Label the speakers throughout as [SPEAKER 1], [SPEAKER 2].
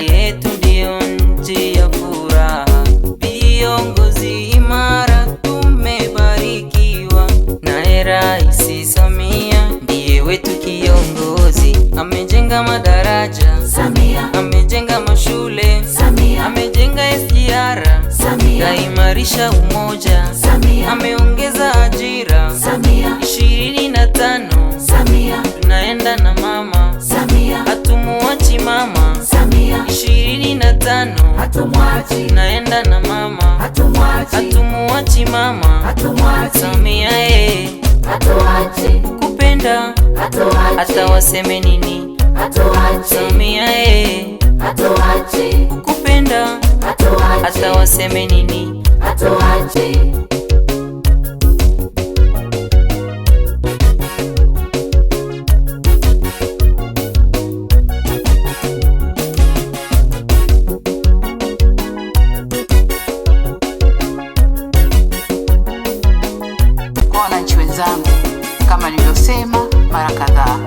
[SPEAKER 1] yetu ndiyo nchi ya furaha, viongozi imara tumebarikiwa, naye Rais Samia ndiye wetu kiongozi. Amejenga madaraja Samia, amejenga mashule Samia, amejenga SGR Samia, kaimarisha umoja Samia, ameongeza ajira Samia ishirini na tano hatumwachi, naenda na mama hatumwachi, hatumuachi mama hatumwachi, Samia ye eh. hatuachi, kupenda hatuachi, hata waseme nini hatuachi, Samia ye eh. hatuachi, kupenda hatuachi, hata waseme nini hatuachi. mara kadhaa.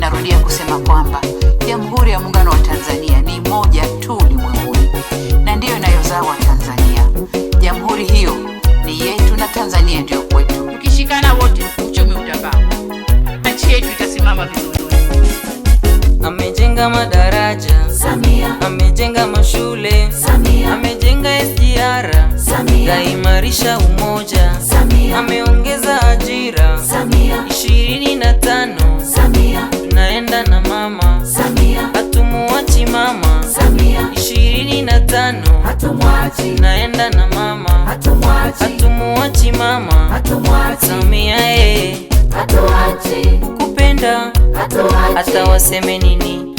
[SPEAKER 1] Narudia kusema kwamba Jamhuri ya Muungano wa Tanzania ni moja tu ulimwenguni na ndiyo inayozaa Watanzania. Jamhuri hiyo ni yetu na Tanzania ndiyo kwetu. Tukishikana wote, uchumi utabaa, nchi yetu itasimama vizuri. Amejenga madaraja Samia, amejenga mashule Samia, amejenga SGR, kaimarisha umoja Samia. tano naenda na mama, hatumuachi mama Samia ee, eh. ukupenda hata waseme nini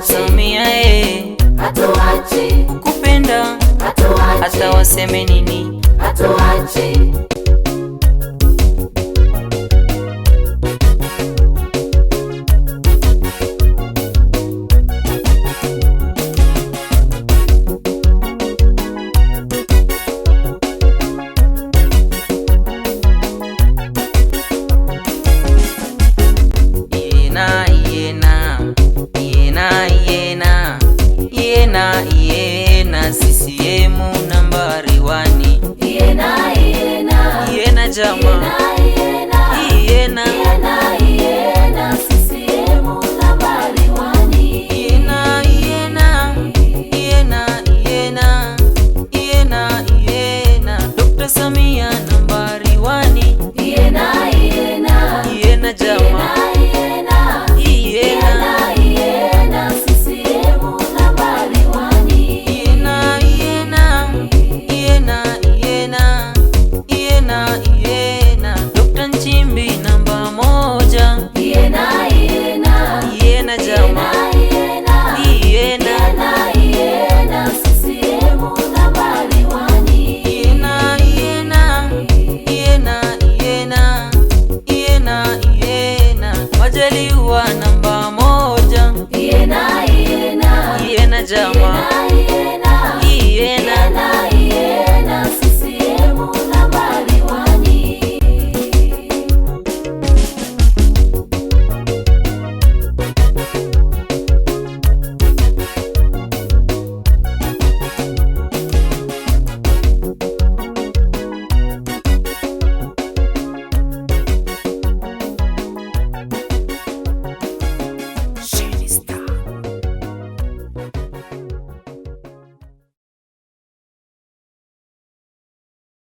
[SPEAKER 1] Samia ee, eh. ukupenda hata waseme nini Ay.